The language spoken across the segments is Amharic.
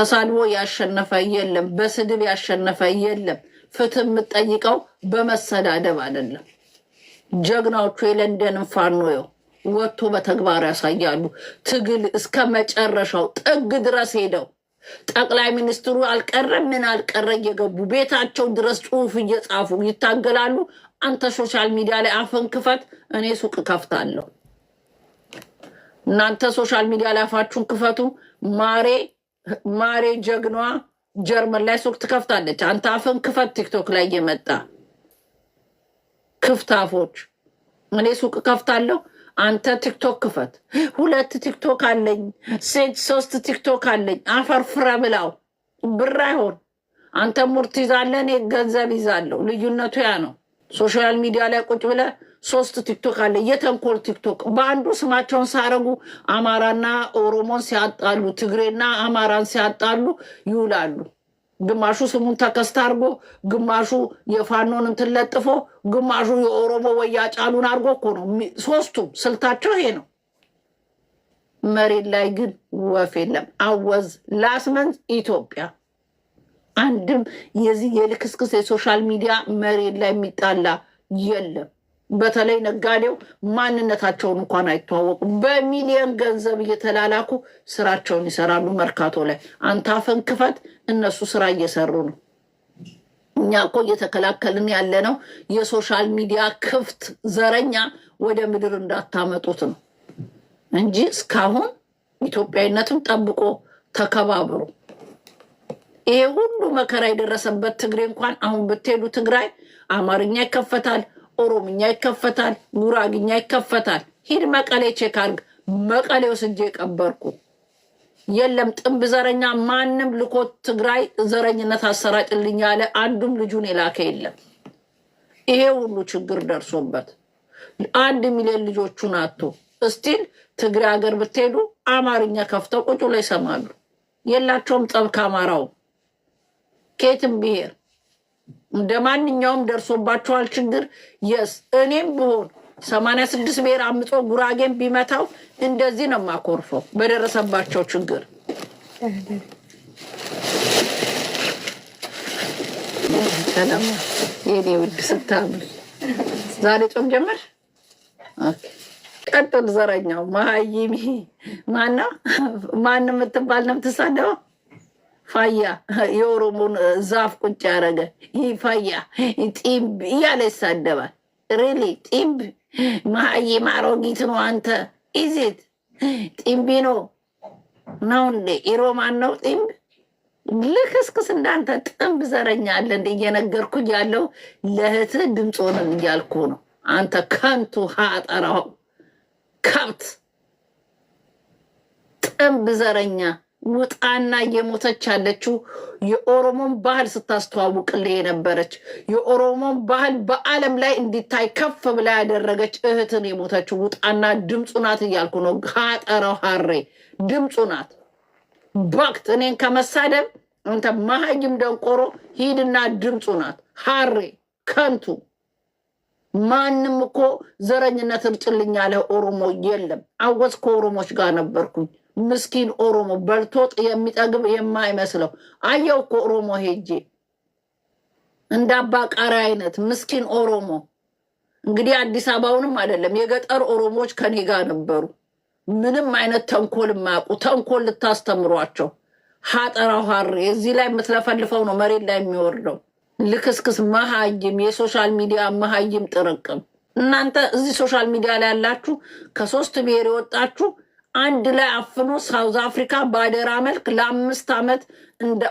ተሳልቦ ያሸነፈ የለም፣ በስድብ ያሸነፈ የለም። ፍትህ የምጠይቀው በመሰዳደብ አይደለም። ጀግናዎቹ የለንደንን ፋኖ የው ወጥቶ በተግባር ያሳያሉ። ትግል እስከ መጨረሻው ጥግ ድረስ ሄደው ጠቅላይ ሚኒስትሩ አልቀረ ምን አልቀረ እየገቡ ቤታቸው ድረስ ጽሁፍ እየጻፉ ይታገላሉ። አንተ ሶሻል ሚዲያ ላይ አፍን ክፈት፣ እኔ ሱቅ ከፍታለሁ። እናንተ ሶሻል ሚዲያ ላይ አፋችሁን ክፈቱ። ማሬ ማሬ ጀግኗ ጀርመን ላይ ሱቅ ትከፍታለች። አንተ አፍን ክፈት። ቲክቶክ ላይ እየመጣ ክፍት አፎች። እኔ ሱቅ ከፍታለሁ፣ አንተ ቲክቶክ ክፈት። ሁለት ቲክቶክ አለኝ፣ ሴት ሶስት ቲክቶክ አለኝ። አፈርፍረ ብላው ብር አይሆን። አንተ ሙርት ይዛለህ፣ እኔ ገንዘብ ይዛለሁ። ልዩነቱ ያ ነው። ሶሻል ሚዲያ ላይ ቁጭ ብለህ ሶስት ቲክቶክ አለ። የተንኮል ቲክቶክ በአንዱ ስማቸውን ሳረጉ አማራና ኦሮሞን ሲያጣሉ፣ ትግሬና አማራን ሲያጣሉ ይውላሉ። ግማሹ ስሙን ተከስታ አርጎ፣ ግማሹ የፋኖን እንትን ለጥፎ፣ ግማሹ የኦሮሞ ወያጫሉን አርጎ እኮ ነው። ሶስቱም ስልታቸው ይሄ ነው። መሬት ላይ ግን ወፍ የለም። አወዝ ላስመንት ኢትዮጵያ አንድም የዚህ የልክስክስ የሶሻል ሚዲያ መሬት ላይ የሚጣላ የለም። በተለይ ነጋዴው ማንነታቸውን እንኳን አይተዋወቁም። በሚሊዮን ገንዘብ እየተላላኩ ስራቸውን ይሰራሉ። መርካቶ ላይ አንተ አፈን ክፈት፣ እነሱ ስራ እየሰሩ ነው። እኛ እኮ እየተከላከልን ያለ ነው። የሶሻል ሚዲያ ክፍት ዘረኛ ወደ ምድር እንዳታመጡት ነው እንጂ እስካሁን ኢትዮጵያዊነትም ጠብቆ ተከባብሮ ይሄ ሁሉ መከራ የደረሰበት ትግሬ እንኳን አሁን ብትሄዱ ትግራይ አማርኛ ይከፈታል ኦሮምኛ ይከፈታል፣ ጉራግኛ ይከፈታል። ሂድ መቀሌ ቼክ መቀሌው መቀሌ ወስጄ የቀበርኩ የለም ጥንብ ዘረኛ ማንም ልኮ ትግራይ ዘረኝነት አሰራጭልኝ ያለ አንዱም ልጁን የላከ የለም። ይሄ ሁሉ ችግር ደርሶበት አንድ ሚሊዮን ልጆቹን አቶ እስቲል ትግራይ ሀገር ብትሄዱ አማርኛ ከፍተው ቁጭ ላይ ይሰማሉ። የላቸውም ጠብ ከአማራው ከየትም ብሄር እንደ ማንኛውም ደርሶባቸዋል ችግር የስ እኔም ብሆን ሰማንያ ስድስት ብሔር አምጾ ጉራጌን ቢመታው እንደዚህ ነው የማኮርፈው በደረሰባቸው ችግር የኔ ውድ ስታምር ዛሬ ጾም ጀመር ቀጥል ዘረኛው ማይሚ ማና ማን የምትባል ነው የምትሳደበው ፋያ የኦሮሞን ዛፍ ቁጭ ያደረገ ይህ ፋያ ጢምብ እያለ ይሳደባል። ሪሊ ጢምብ ማሀይም ማሮጊት ነው። አንተ ኢዜት ጢምቢ ነው ነው እንዴ? ኢሮማን ነው ጢምብ ልክስክስ እንዳንተ ጥምብ ዘረኛ አለ እንደ እየነገርኩ ያለው ለእህት ድምፅ ሆነን እያልኩ ነው። አንተ ከንቱ ሀጠራው ከብት ጥምብ ዘረኛ ውጣና እየሞተች ያለችው የኦሮሞን ባህል ስታስተዋውቅልህ የነበረች የኦሮሞን ባህል በዓለም ላይ እንዲታይ ከፍ ብላ ያደረገች እህትን የሞተችው ውጣና ድምፁ ናት እያልኩ ነው። ሀጠረው ሀሬ ድምፁ ናት። በቅት እኔን ከመሳደብ አንተ መሀይም ደንቆሮ ሂድና ድምፁ ናት። ሀሬ ከንቱ ማንም እኮ ዘረኝነት እርጭልኝ ያለ ኦሮሞ የለም። አወዝ ከኦሮሞች ጋር ነበርኩኝ ምስኪን ኦሮሞ በልቶ የሚጠግብ የማይመስለው አየው እኮ ኦሮሞ ሄጄ እንደ አባቃሪ አይነት ምስኪን ኦሮሞ። እንግዲህ አዲስ አበባውንም አይደለም የገጠር ኦሮሞዎች ከኔ ጋር ነበሩ። ምንም አይነት ተንኮል የማያውቁ ተንኮል ልታስተምሯቸው ሀጠራ ሀሬ እዚህ ላይ የምትለፈልፈው ነው መሬት ላይ የሚወርደው ልክስክስ መሀይም፣ የሶሻል ሚዲያ መሀይም ጥርቅም። እናንተ እዚህ ሶሻል ሚዲያ ላይ ያላችሁ ከሶስት ብሔር የወጣችሁ አንድ ላይ አፍኖ ሳውዝ አፍሪካ በአደራ መልክ ለአምስት ዓመት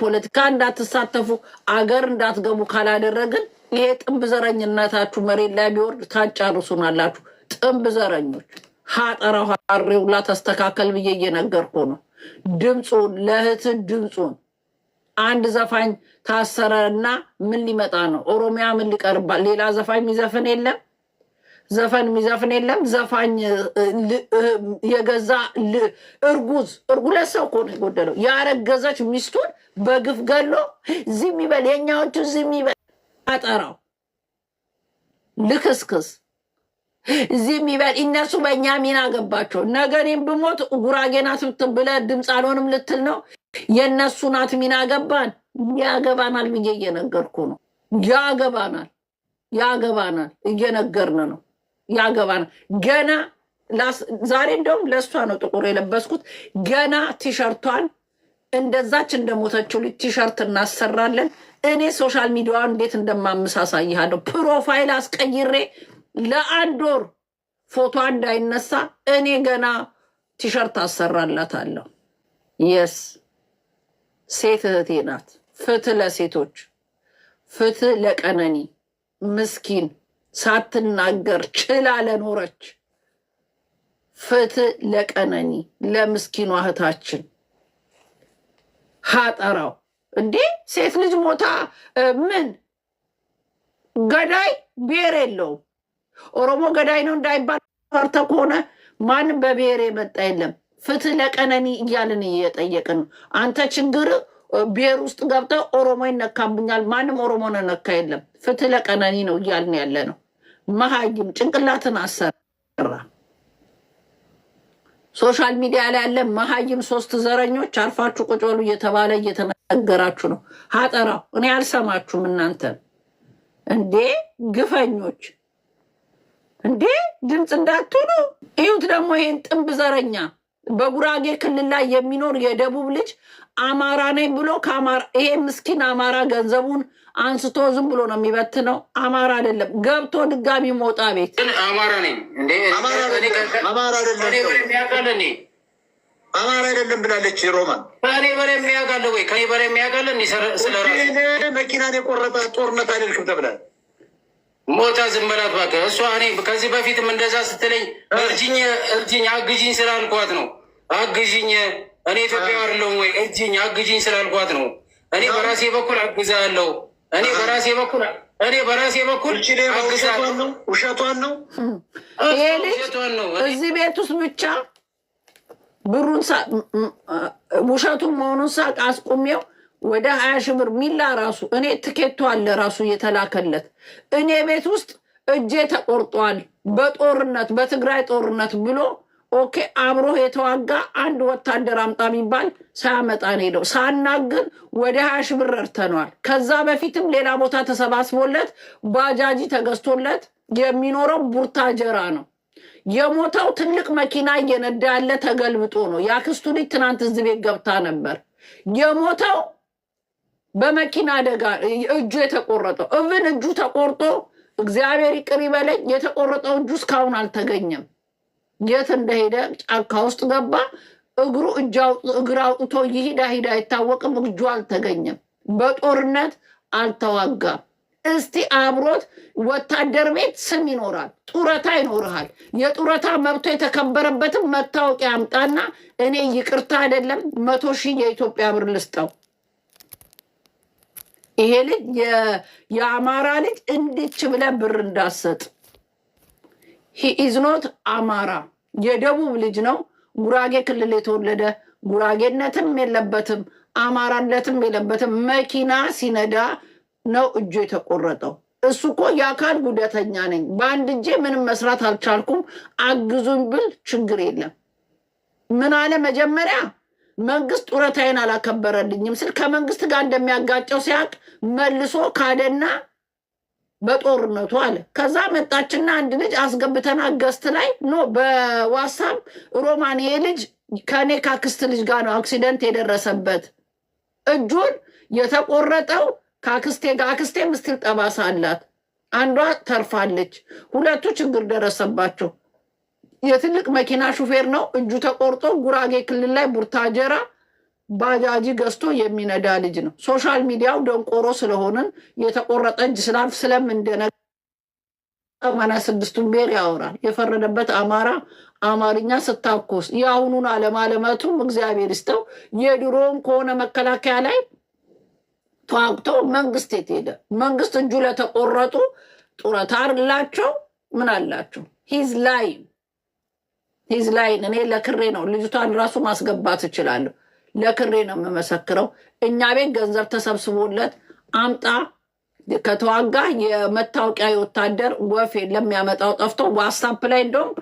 ፖለቲካ እንዳትሳተፉ አገር እንዳትገቡ ካላደረግን ይሄ ጥንብ ዘረኝነታችሁ መሬት ላይ ቢወርድ ታጫርሱናላችሁ። ጥንብ ዘረኞች ሀጠራ ሀሬውላ ተስተካከል ብዬ እየነገርኩ ነው። ድምፁን ለእህትን ድምፁን አንድ ዘፋኝ ታሰረ እና ምን ሊመጣ ነው? ኦሮሚያ ምን ሊቀርባል? ሌላ ዘፋኝ የሚዘፍን የለም። ዘፈን የሚዘፍን የለም። ዘፋኝ የገዛ እርጉዝ እርጉለት ሰው እኮ ነው የጎደለው። ያረገዘች ሚስቱን በግፍ ገሎ ዚም ይበል የኛዎቹ ዚም ይበል አጠራው ልክስክስ ዚም ይበል። እነሱ በእኛ ሚና ገባቸው። ነገ እኔም ብሞት ጉራጌ ናት ብለህ ድምፅ አልሆንም ልትል ነው። የእነሱ ናት ሚና ገባን። ያገባናል ብዬ እየነገርኩ ነው። ያገባናል ያገባናል እየነገርን ነው። ያገባ ገና ዛሬ እንደውም ለእሷ ነው ጥቁር የለበስኩት። ገና ቲሸርቷን እንደዛች እንደሞተችው ልጅ ቲሸርት እናሰራለን። እኔ ሶሻል ሚዲያ እንዴት እንደማምስ አሳይሃለሁ። ፕሮፋይል አስቀይሬ ለአንድ ወር ፎቶ እንዳይነሳ እኔ ገና ቲሸርት አሰራላታለሁ። የስ ሴት እህቴ ናት። ፍትህ ለሴቶች፣ ፍትህ ለቀነኒ ምስኪን ሳትናገር ችላ ለኖረች ፍትህ ለቀነኒ ለምስኪኑ እህታችን ሀጠራው እንዴ! ሴት ልጅ ሞታ ምን ገዳይ ብሔር የለውም። ኦሮሞ ገዳይ ነው እንዳይባል ፈርተ ከሆነ ማንም በብሔር የመጣ የለም። ፍትህ ለቀነኒ እያልን እየጠየቅን ነው። አንተ ችግር ብሔር ውስጥ ገብተው ኦሮሞ ይነካብኛል፣ ማንም ኦሮሞ ነነካ የለም ፍትህ ለቀነኒ ነው እያልን ያለ ነው። መሀይም ጭንቅላትን አሰራ። ሶሻል ሚዲያ ላይ ያለ መሀይም ሶስት ዘረኞች አርፋችሁ ቁጭ በሉ እየተባለ እየተነገራችሁ ነው። ሀጠራው እኔ አልሰማችሁም እናንተ እንዴ ግፈኞች እንዴ ድምፅ እንዳትሆኑ እዩት። ደግሞ ይሄን ጥንብ ዘረኛ በጉራጌ ክልል ላይ የሚኖር የደቡብ ልጅ አማራ ነኝ ብሎ ይሄ ምስኪን አማራ ገንዘቡን አንስቶ ዝም ብሎ ነው የሚበትነው። አማራ አይደለም ገብቶ ድጋሚ ሞጣ ቤት አማራ ነኝ አማራ አይደለም ብላለች ሮማን። ከኔ በላይ የሚያውቃል ወይ? ከኔ በላይ የሚያውቃለ ስለራ መኪናን የቆረጠ ጦርነት አይደልክም ተብላል። ሞታ ዝም በላት እባክህ። እሷ እኔ ከዚህ በፊትም እንደዛ ስትለኝ እርጅኝ እርጅኝ አግዥኝ ስላልኳት ነው አግዥኝ እኔ ኢትዮጵያ አይደለሁም ወይ እጅኝ አግጅኝ ስላልኳት ነው። እኔ በራሴ በኩል አግዛለሁ። እኔ በራሴ በኩል እኔ በራሴ በኩል ውሸቷን ነው። ይሄ ልጅ እዚህ ቤት ውስጥ ብቻ ብሩን ውሸቱን መሆኑን ሳቅ አስቁሜው ወደ ሀያ ሺህ ብር ሚላ ራሱ እኔ ትኬቱ አለ ራሱ እየተላከለት እኔ ቤት ውስጥ እጄ ተቆርጧል በጦርነት በትግራይ ጦርነት ብሎ ኦኬ አብሮ የተዋጋ አንድ ወታደር አምጣ የሚባል ሳያመጣ ነው ሄደው ሳናግር ወደ ሀያ ሺህ ብር ከዛ በፊትም ሌላ ቦታ ተሰባስቦለት ባጃጂ ተገዝቶለት የሚኖረው ቡርታጀራ ነው። የሞተው ትልቅ መኪና እየነዳ ያለ ተገልብጦ ነው። የአክስቱ ልጅ ትናንት እዚህ ቤት ገብታ ነበር። የሞተው በመኪና አደጋ እጁ የተቆረጠው እብን እጁ ተቆርጦ እግዚአብሔር ይቅር ይበለኝ የተቆረጠው እጁ እስካሁን አልተገኘም። የት እንደሄደ ጫካ ውስጥ ገባ። እግሩ እግር አውጥቶ ይሂዳ ሂዳ አይታወቅም። እጁ አልተገኘም። በጦርነት አልተዋጋም። እስቲ አብሮት ወታደር ቤት ስም ይኖራል፣ ጡረታ ይኖርሃል። የጡረታ መብቶ የተከበረበትም መታወቂያ አምጣና እኔ ይቅርታ አይደለም መቶ ሺህ የኢትዮጵያ ብር ልስጠው። ይሄ ልጅ የአማራ ልጅ እንድች ብለን ብር እንዳሰጥ ኢዝኖት አማራ፣ የደቡብ ልጅ ነው። ጉራጌ ክልል የተወለደ ጉራጌነትም የለበትም አማራነትም የለበትም። መኪና ሲነዳ ነው እጁ የተቆረጠው። እሱ እኮ የአካል ጉዳተኛ ነኝ፣ በአንድ እጄ ምንም መስራት አልቻልኩም፣ አግዙኝ ብል ችግር የለም። ምን አለ መጀመሪያ መንግስት ጡረታዬን አላከበረልኝም ስል ከመንግስት ጋር እንደሚያጋጨው ሲያቅ መልሶ ካደና በጦርነቱ አለ። ከዛ መጣችና አንድ ልጅ አስገብተና ገስት ላይ ኖ በዋሳብ ሮማን ይሄ ልጅ ከእኔ ካክስት ልጅ ጋር ነው አክሲደንት የደረሰበት እጁን የተቆረጠው ከአክስቴ ጋር አክስቴ ምስል ጠባሳ አላት። አንዷ ተርፋለች። ሁለቱ ችግር ደረሰባቸው። የትልቅ መኪና ሹፌር ነው። እጁ ተቆርጦ ጉራጌ ክልል ላይ ቡርታጀራ ባጃጅ ገዝቶ የሚነዳ ልጅ ነው። ሶሻል ሚዲያው ደንቆሮ ስለሆንን የተቆረጠ እጅ ስላልፍ ስለምንደነ ሰማንያ ስድስቱን ብሔር ያወራል። የፈረደበት አማራ አማርኛ ስታኮስ የአሁኑን አለማለመቱ እግዚአብሔር ይስጠው። የድሮውን ከሆነ መከላከያ ላይ ተዋግቶ መንግስት የት ሄደ? መንግስት እጁ ለተቆረጡ ጡረታ አላቸው ምን አላቸው? ሂዝ ላይን ሂዝ ላይን እኔ ለክሬ ነው ልጅቷን ራሱ ማስገባት እችላለሁ። ለክሬ ነው የምመሰክረው። እኛ ቤት ገንዘብ ተሰብስቦለት አምጣ ከተዋጋ የመታወቂያ የወታደር ወፌ ለሚያመጣው ጠፍቶ ዋትሳፕ ላይ እንደውም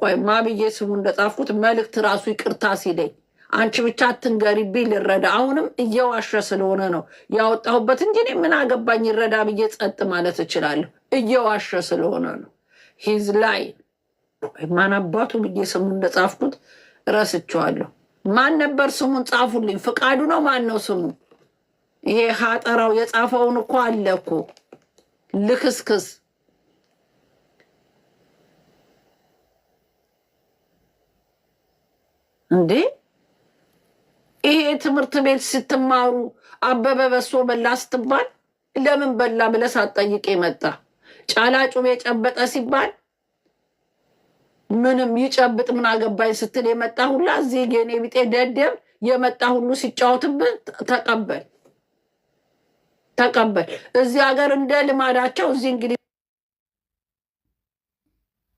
ቆይ ማብዬ ስሙ እንደጻፍኩት መልእክት ራሱ ይቅርታ ሲለኝ አንቺ ብቻ አትንገሪብኝ ልረዳ። አሁንም እየዋሸ ስለሆነ ነው ያወጣሁበት እንጂ እኔ ምን አገባኝ ይረዳ ብዬ ጸጥ ማለት እችላለሁ። እየዋሸ ስለሆነ ነው። ሂዝ ላይ ማን አባቱ ብዬ ስሙ እንደጻፍኩት ረስቸዋለሁ። ማን ነበር ስሙን ጻፉልኝ። ፍቃዱ ነው ማን ነው ስሙ? ይሄ ሀጠራው የጻፈውን እኮ አለ እኮ ልክስክስ እንዴ ይሄ ትምህርት ቤት ስትማሩ አበበ በሶ በላ ስትባል ለምን በላ ብለህ ሳትጠይቅ መጣ። ጫላ ጩቤ ጨበጠ ሲባል ምንም ይጨብጥ ምን አገባኝ ስትል የመጣ ሁላ እዚህ ጌኔ ቢጤ ደደብ የመጣ ሁሉ ሲጫወትብህ ተቀበል ተቀበል። እዚህ ሀገር እንደ ልማዳቸው እዚህ እንግዲህ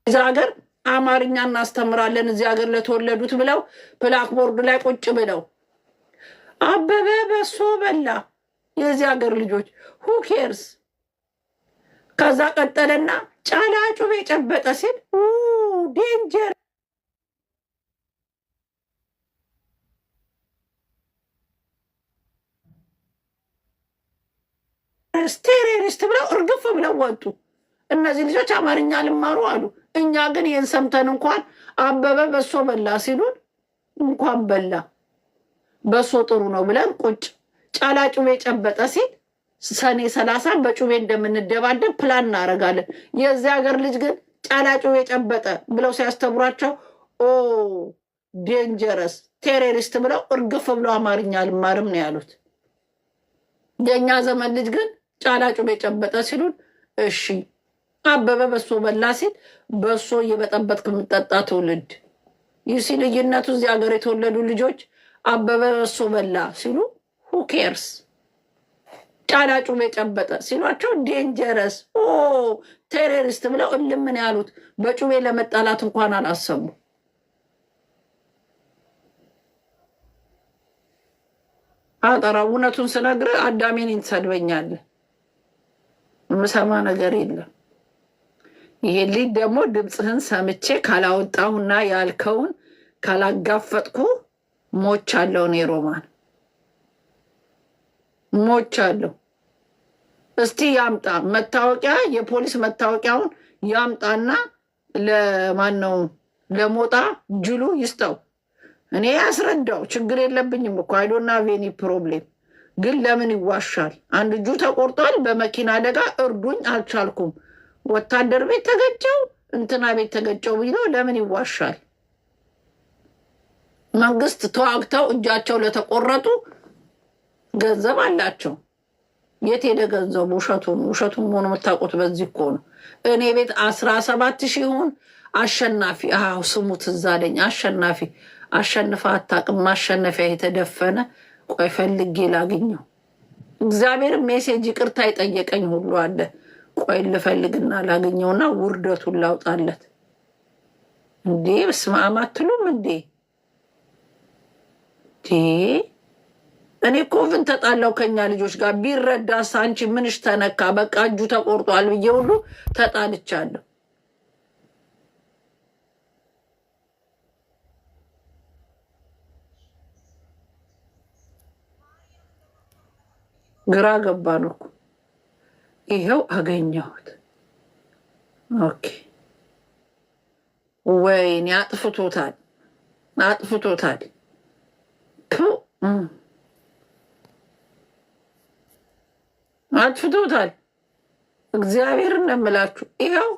እዚ ሀገር አማርኛ እናስተምራለን እዚህ ሀገር ለተወለዱት ብለው ፕላክቦርድ ላይ ቁጭ ብለው አበበ በሶ በላ የዚህ ሀገር ልጆች ሁኬርስ ከዛ ቀጠለና ጫላ ጩቤ ጨበጠ ሲል ዴንጀር ቴሮሪስት ብለው እርግፍ ብለው ወጡ። እነዚህ ልጆች አማርኛ ልማሩ አሉ። እኛ ግን ይህን ሰምተን እንኳን አበበ በሶ በላ ሲሉን እንኳን በላ በሶ ጥሩ ነው ብለን ቁጭ ጫላ ጩቤ ጨበጠ ሲል ሰኔ ሰላሳ በጩቤ እንደምንደባደብ ፕላን እናደርጋለን። የዚህ ሀገር ልጅ ግን ጨላጩ የጨበጠ ብለው ሲያስተምሯቸው ኦ ዴንጀረስ ቴሮሪስት ብለው እርግፍ ብለው አማርኛ አልማርም ነው ያሉት። የእኛ ዘመን ልጅ ግን ጫላጩ የጨበጠ ሲሉን እሺ አበበ በሶ በላ ሲል በሶ እየበጠበት የምጠጣ ትውልድ ይሲ ልዩነቱ እዚህ ሀገር የተወለዱ ልጆች አበበ በሶ በላ ሲሉ ሁኬርስ ጫላጩ የጨበጠ ሲሏቸው ዴንጀረስ ቴሮሪስት ብለው እልምን ያሉት በጩቤ ለመጣላት እንኳን አላሰቡ። አጠራ እውነቱን ስነግር አዳሜን ይንሰድበኛል። የምሰማ ነገር የለም። ይሄ ልጅ ደግሞ ድምፅህን ሰምቼ ካላወጣሁና ያልከውን ካላጋፈጥኩ ሞች አለውን የሮማን ሞቻለሁ። እስቲ ያምጣ መታወቂያ፣ የፖሊስ መታወቂያውን ያምጣና ለማን ነው ለሞጣ ጅሉ ይስጠው። እኔ ያስረዳው ችግር የለብኝም እኮ አይዶና ቬኒ ፕሮብሌም ግን ለምን ይዋሻል? አንድ እጁ ተቆርጧል በመኪና አደጋ እርዱኝ፣ አልቻልኩም፣ ወታደር ቤት ተገጨው፣ እንትና ቤት ተገጨው ቢለው ለምን ይዋሻል? መንግስት ተዋግተው እጃቸው ለተቆረጡ ገንዘብ አላቸው። የት ሄደ ገንዘቡ? ውሸቱን ውሸቱን መሆኑ የምታውቁት በዚህ እኮ ነው። እኔ ቤት አስራ ሰባት ሺህ ይሁን አሸናፊ አዎ ስሙት፣ እዛ አለኝ አሸናፊ አሸንፈ አታውቅም። ማሸነፊያ የተደፈነ ቆይ ፈልጌ ላግኘው። እግዚአብሔር ሜሴጅ ይቅርታ ይጠየቀኝ ሁሉ አለ። ቆይ ልፈልግና ላግኘውና ውርደቱን ላውጣለት። እንዴ ስማም አትሉም እንዴ? እኔ ኮቭን ተጣላው ከኛ ልጆች ጋር ቢረዳስ አንቺ ምንሽ ተነካ? በቃ እጁ ተቆርጧል ብዬ ሁሉ ተጣልቻለሁ። ግራ ገባ ነው እኮ ይኸው አገኘሁት። ኦኬ ወይኔ አጥፍቶታል፣ አጥፍቶታል አጥፍቶታል። እግዚአብሔር እንደምላችሁ ይኸው